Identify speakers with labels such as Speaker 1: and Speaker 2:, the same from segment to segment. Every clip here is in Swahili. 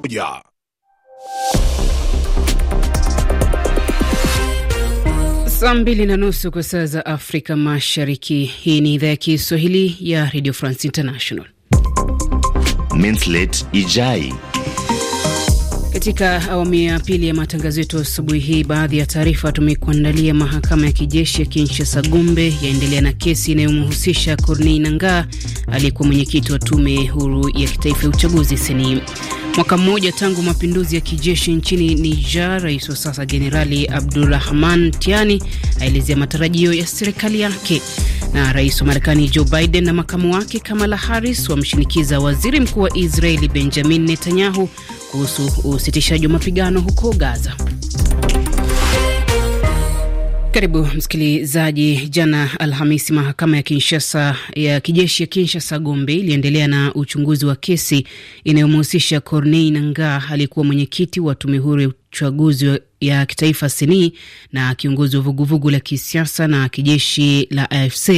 Speaker 1: moja.
Speaker 2: Saa mbili na nusu kwa saa za Afrika Mashariki. Hii ni idhaa ya Kiswahili ya Radio France International.
Speaker 3: Mintlet Ijai.
Speaker 2: Katika awamu ya pili ya matangazo yetu asubuhi hii, baadhi ya taarifa tumekuandalia. Mahakama ya kijeshi ya Kinshasa Gombe yaendelea na kesi inayomhusisha Corneille Nangaa, aliyekuwa mwenyekiti wa tume huru ya kitaifa ya uchaguzi seni Mwaka mmoja tangu mapinduzi ya kijeshi nchini Niger, rais wa sasa Jenerali Abdurahman Tiani aelezea matarajio ya serikali yake. Na rais wa Marekani Joe Biden na makamu wake Kamala Harris wamshinikiza waziri mkuu wa Israeli Benjamin Netanyahu kuhusu usitishaji wa mapigano huko Gaza. Karibu msikilizaji. Jana Alhamisi, mahakama ya Kinshasa ya kijeshi ya Kinshasa Gombe iliendelea na uchunguzi wa kesi inayomhusisha Corneille Nangaa, aliyekuwa mwenyekiti wa tume huru ya uchaguzi ya kitaifa Seni na kiongozi wa vuguvugu la kisiasa na kijeshi la AFC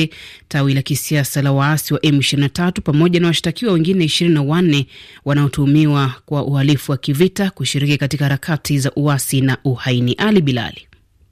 Speaker 2: tawi la kisiasa la waasi wa M23 pamoja na washtakiwa wengine 24 wanaotuhumiwa kwa uhalifu wa kivita, kushiriki katika harakati za uasi na uhaini. Ali Bilali.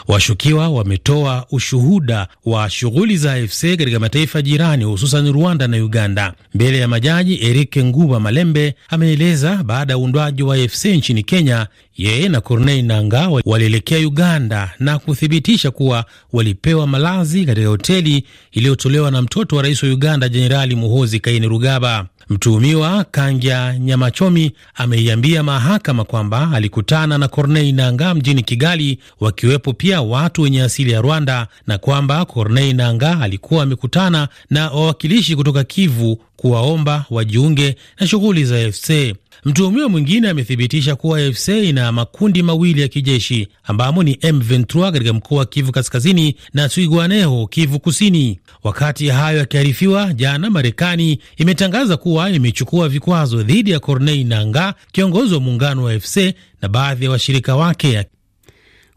Speaker 3: Washukiwa wametoa ushuhuda wa shughuli za AFC katika mataifa jirani hususan Rwanda na Uganda. Mbele ya majaji, Eric Nguba Malembe ameeleza baada ya uundwaji wa AFC nchini Kenya, yeye na Corneille Nanga walielekea Uganda na kuthibitisha kuwa walipewa malazi katika hoteli iliyotolewa na mtoto wa rais wa Uganda Jenerali Muhozi Kainerugaba. Mtuhumiwa Kanja Nyamachomi ameiambia mahakama kwamba alikutana na kornei nanga mjini Kigali, wakiwepo pia watu wenye asili ya Rwanda, na kwamba Kornei nanga alikuwa amekutana na wawakilishi kutoka Kivu kuwaomba wajiunge na shughuli za fc Mtuhumiwa mwingine amethibitisha kuwa AFC ina makundi mawili ya kijeshi ambamo ni M23 katika mkoa wa Kivu Kaskazini na Twirwaneho, Kivu Kusini. Wakati hayo akiharifiwa jana, Marekani imetangaza kuwa imechukua vikwazo dhidi ya Corneille Nangaa, kiongozi wa muungano wa AFC na baadhi ya washirika wake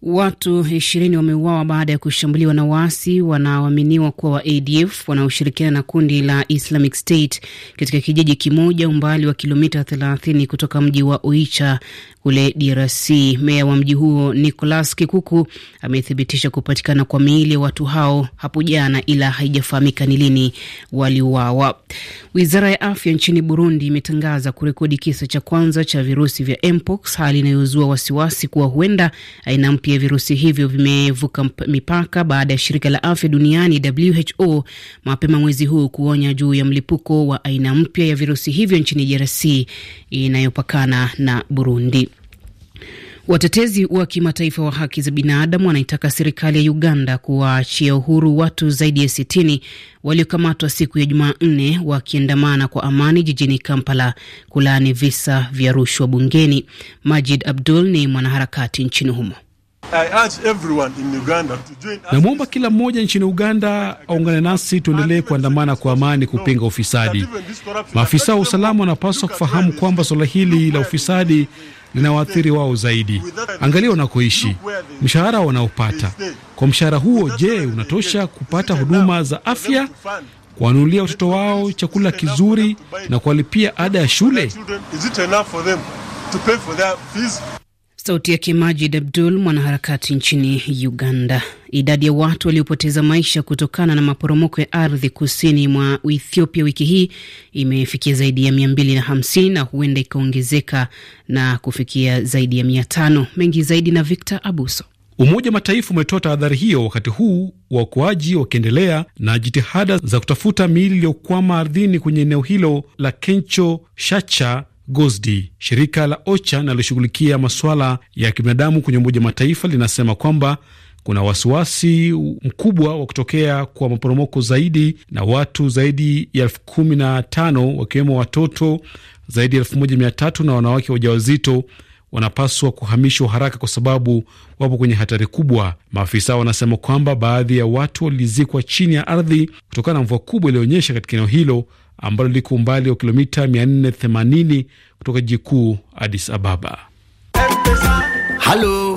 Speaker 2: Watu 20 wameuawa baada ya kushambuliwa na waasi wanaoaminiwa kuwa wa ADF wanaoshirikiana na kundi la Islamic State katika kijiji kimoja umbali wa kilomita 30 kutoka mji wa Oicha kule DRC. Meya wa mji huo Nicolas Kikuku amethibitisha kupatikana kwa miili ya watu hao hapo jana, ila haijafahamika ni lini waliuawa. Wizara ya afya nchini Burundi imetangaza kurekodi kisa cha kwanza cha virusi vya mpox, hali inayozua wasiwasi kuwa huenda aina mpya ya virusi hivyo vimevuka mipaka baada ya shirika la afya duniani WHO mapema mwezi huu kuonya juu ya mlipuko wa aina mpya ya virusi hivyo nchini DRC inayopakana na Burundi. Watetezi wa kimataifa wa haki za binadamu wanaitaka serikali ya Uganda kuwaachia uhuru watu zaidi ya sitini waliokamatwa siku ya Jumanne wakiandamana kwa amani jijini Kampala kulaani visa vya rushwa bungeni. Majid Abdul ni mwanaharakati nchini humo.
Speaker 1: Namwomba kila mmoja nchini Uganda aungane nasi, tuendelee kuandamana kwa amani kupinga ufisadi. Maafisa wa usalama wanapaswa kufahamu kwamba suala hili la ufisadi linawaathiri wao zaidi. Angalia wanakoishi, mshahara wanaopata. Kwa mshahara huo, je, unatosha kupata huduma za afya, kuwanunulia watoto wao chakula kizuri na kuwalipia ada ya shule?
Speaker 2: Sauti yake Majid Abdul, mwanaharakati nchini Uganda. Idadi ya watu waliopoteza maisha kutokana na maporomoko ya ardhi kusini mwa Ethiopia wiki hii imefikia zaidi ya 250 na huenda ikaongezeka na kufikia zaidi ya 500. Mengi zaidi na Victor Abuso.
Speaker 1: Umoja wa Mataifa umetoa tahadhari hiyo wakati huu waokoaji wakiendelea na jitihada za kutafuta miili iliyokwama ardhini kwenye eneo hilo la Kencho Shacha Gosdi. Shirika la OCHA linaloshughulikia masuala ya kibinadamu kwenye Umoja wa Mataifa linasema kwamba kuna wasiwasi mkubwa wa kutokea kwa maporomoko zaidi na watu zaidi ya elfu kumi na tano wakiwemo watoto zaidi ya elfu moja mia tatu na wanawake wajawazito wanapaswa kuhamishwa haraka kwa sababu wapo kwenye hatari kubwa. Maafisa wanasema kwamba baadhi ya watu walizikwa chini ya ardhi kutokana na mvua kubwa iliyoonyesha katika eneo hilo ambalo liko umbali wa kilomita 480 kutoka jiji kuu Addis
Speaker 3: Ababa. Halo.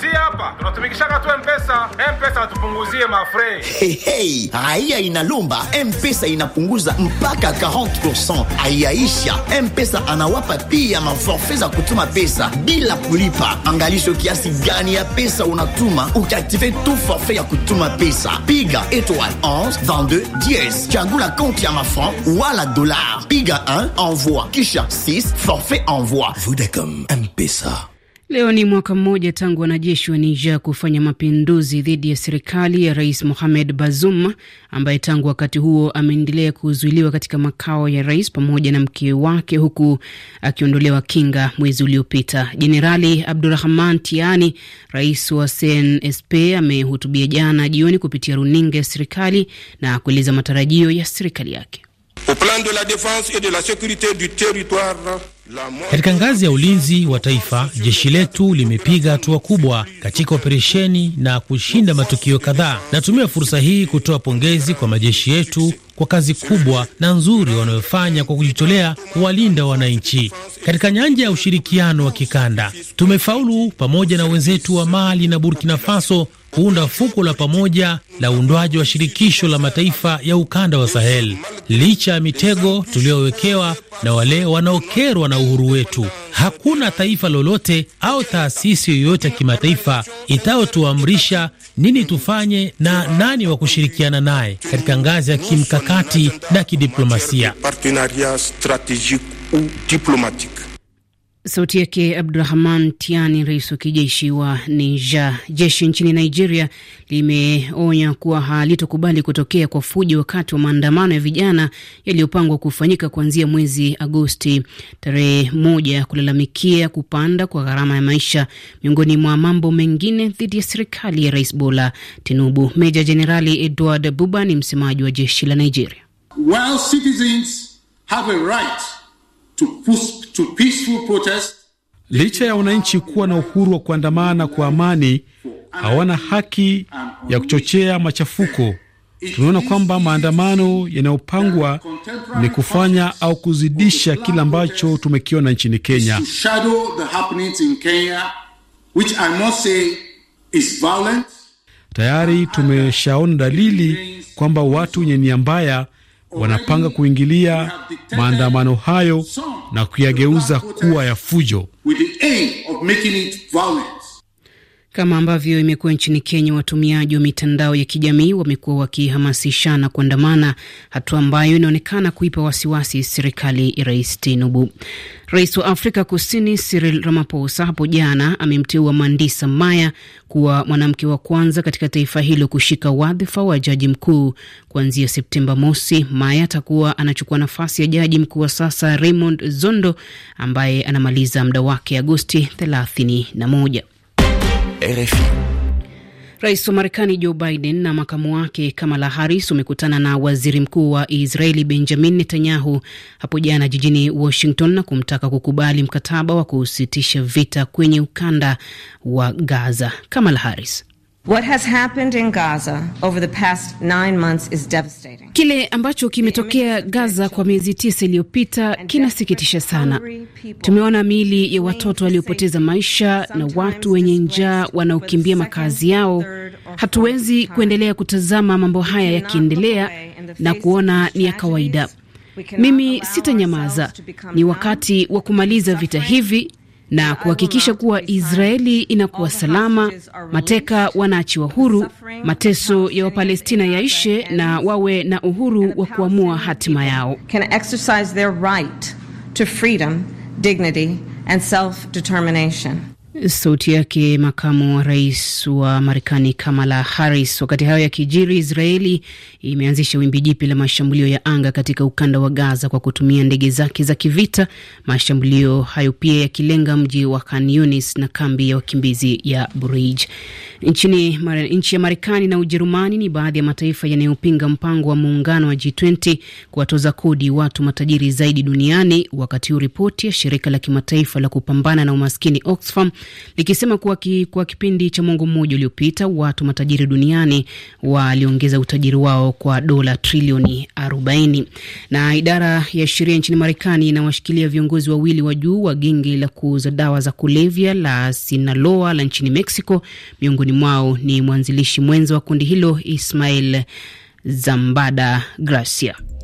Speaker 3: si hapa tunatumikishaga tu Mpesa. Mpesa atupunguzie mafre. Hey, hey. Aya inalomba Mpesa inapunguza mpaka 40%. Ayaisha Mpesa anawapa pia maforfe za kutuma pesa bila kulipa. Angalisho kiasi gani ya pesa unatuma ukiaktive tu forfe ya kutuma pesa. Piga étoile 11 22 10, chagula konti ya mafran wala dolar. Piga 1 envoi, kisha 6 forfait envoi. Vodacom Mpesa.
Speaker 2: Leo ni mwaka mmoja tangu wanajeshi wa Niger kufanya mapinduzi dhidi ya serikali ya Rais Mohamed Bazoum ambaye tangu wakati huo ameendelea kuzuiliwa katika makao ya rais pamoja na mke wake huku akiondolewa kinga mwezi uliopita. Jenerali Abdurahman Tiani, rais wa CNSP, amehutubia jana jioni kupitia runinga ya serikali na kueleza matarajio ya serikali yake.
Speaker 1: Au plan de la defense et de la securite du territoire
Speaker 3: katika ngazi ya ulinzi wa taifa, jeshi letu limepiga hatua kubwa katika operesheni na kushinda matukio kadhaa. Natumia fursa hii kutoa pongezi kwa majeshi yetu kwa kazi kubwa na nzuri wanayofanya kwa kujitolea kuwalinda wananchi. Katika nyanja ya ushirikiano wa kikanda, tumefaulu pamoja na wenzetu wa Mali na Burkina Faso kuunda fuko la pamoja la uundwaji wa shirikisho la mataifa ya ukanda wa Sahel, licha ya mitego tuliyowekewa na wale wanaokerwa na uhuru wetu. Hakuna taifa lolote au taasisi yoyote ya kimataifa itayotuamrisha nini tufanye na nani wa kushirikiana naye katika ngazi ya kimkakati na kidiplomasia. Sauti
Speaker 2: yake Abdurahman Tiani, rais wa kijeshi wa Niger. Jeshi nchini Nigeria limeonya kuwa halitokubali kutokea kwa fujo wakati wa maandamano ya vijana yaliyopangwa kufanyika kuanzia mwezi Agosti tarehe moja, kulalamikia kupanda kwa gharama ya maisha, miongoni mwa mambo mengine, dhidi ya serikali ya Rais Bola Tinubu. Meja Jenerali Edward Buba ni msemaji wa jeshi la Nigeria.
Speaker 3: While citizens have a right
Speaker 1: to to peaceful protest. Licha ya wananchi kuwa na uhuru wa kuandamana kwa amani, hawana haki ya kuchochea machafuko. Tunaona kwamba maandamano yanayopangwa ni kufanya au kuzidisha kile ambacho tumekiona nchini Kenya. Tayari tumeshaona dalili kwamba watu wenye nia mbaya wanapanga kuingilia maandamano hayo na kuyageuza kuwa ya fujo.
Speaker 2: Kama ambavyo imekuwa nchini Kenya, watumiaji wa mitandao ya kijamii wamekuwa wakihamasishana kuandamana, hatua ambayo inaonekana kuipa wasiwasi serikali ya Rais Tinubu. Rais wa Afrika Kusini Cyril Ramaphosa hapo jana amemteua Mandisa Maya kuwa mwanamke wa kwanza katika taifa hilo kushika wadhifa wa jaji mkuu kuanzia Septemba mosi. Maya atakuwa anachukua nafasi ya jaji mkuu wa sasa Raymond Zondo ambaye anamaliza muda wake Agosti 31. RFI. Rais wa Marekani Joe Biden na makamu wake Kamala Harris wamekutana na waziri mkuu wa Israeli Benjamin Netanyahu hapo jana jijini Washington na kumtaka kukubali mkataba wa kusitisha vita kwenye ukanda wa Gaza. Kamala Harris What has happened in Gaza over the past nine months is devastating. Kile ambacho kimetokea Gaza kwa miezi tisa iliyopita kinasikitisha sana. Tumeona miili ya watoto waliopoteza maisha na watu wenye njaa wanaokimbia makazi yao. Hatuwezi kuendelea kutazama mambo haya yakiendelea na kuona ni ya kawaida. Mimi sitanyamaza. Ni wakati wa kumaliza vita hivi na kuhakikisha kuwa Israeli inakuwa salama, mateka wanaachiwa huru, mateso ya Wapalestina yaishe na wawe na uhuru wa kuamua hatima yao. Sauti yake makamu wa rais wa Marekani Kamala Harris. Wakati hayo yakijiri, Israeli imeanzisha wimbi jipya la mashambulio ya anga katika ukanda wa Gaza kwa kutumia ndege zake za kivita, mashambulio hayo pia yakilenga mji wa Khan Yunis na kambi ya wakimbizi ya Burij. Nchini nchi ya Marekani na Ujerumani ni baadhi ya mataifa yanayopinga mpango wa muungano wa G20 kuwatoza kodi watu matajiri zaidi duniani, wakati huu ripoti ya shirika la kimataifa la kupambana na umaskini Oxfam likisema kuwa ki, kwa kipindi cha mwongo mmoja uliopita watu matajiri duniani waliongeza utajiri wao kwa dola trilioni 40. Na idara ya sheria nchini Marekani inawashikilia viongozi wawili wa juu wa genge la kuuza dawa za kulevya la Sinaloa la nchini Mexico miongoni miongoni mwao ni mwanzilishi mwenza wa kundi hilo Ismail Zambada Gracia.